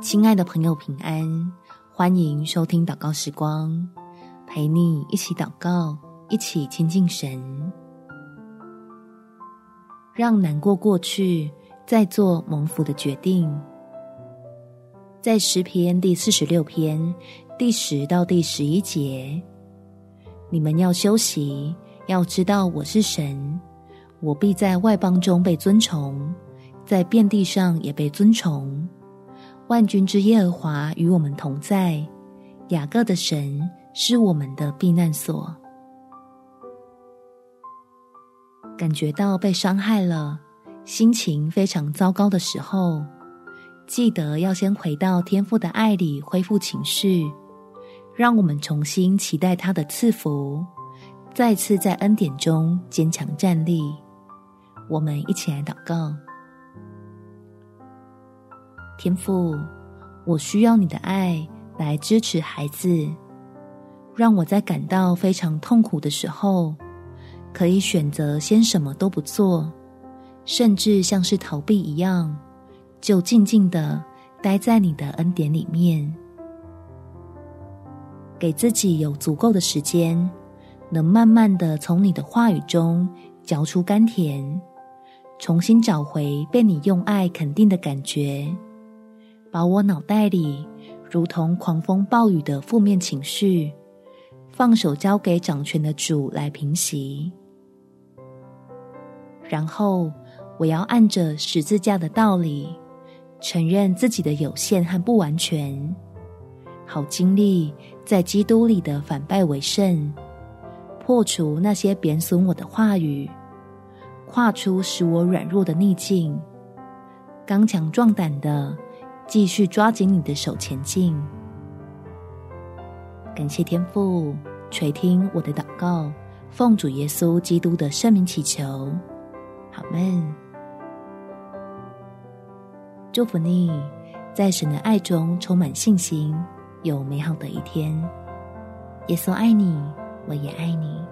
親愛的朋友，平安！歡迎收聽禱告時光，陪你一起禱告，一起親近神，讓難過過去，再做蒙福的決定。在詩篇第四十六篇第十到第十一節，你們要休息，要知道我是神，我必在外邦中被尊崇，在遍地上也被尊崇。萬軍之耶和華與我們同在，雅各的神是我們的避難所。感覺到被傷害了，心情非常糟糕的時候，記得要先回到天父的愛裡恢復情緒。讓我們重新期待祂的賜福，再次在恩典中堅強站立。我們一起來禱告。天父，我需要你的愛來支持孩子，讓我在感到非常痛苦的時候，可以選擇先什麼都不做，甚至像是逃避一樣，就靜靜的待在你的恩典裡面，給自己有足夠的時間，能慢慢的從你的話語中嚼出甘甜，重新找回被你用愛肯定的感覺。把我腦袋裡如同狂風暴雨的負面情緒，放手交給掌權的主來平息。然後，我要按着十字架的道理，承認自己的有限和不完全，好經歷在基督裡的反敗為勝，破除那些貶損我的話語，跨出使我軟弱的逆境，剛強壯膽的。繼續抓緊你的手前進。感謝天父垂聽我的禱告，奉主耶穌基督的聖名祈求，阿們，們祝福你，在神的愛中充滿信心，有美好的一天。耶穌愛你，我也愛你。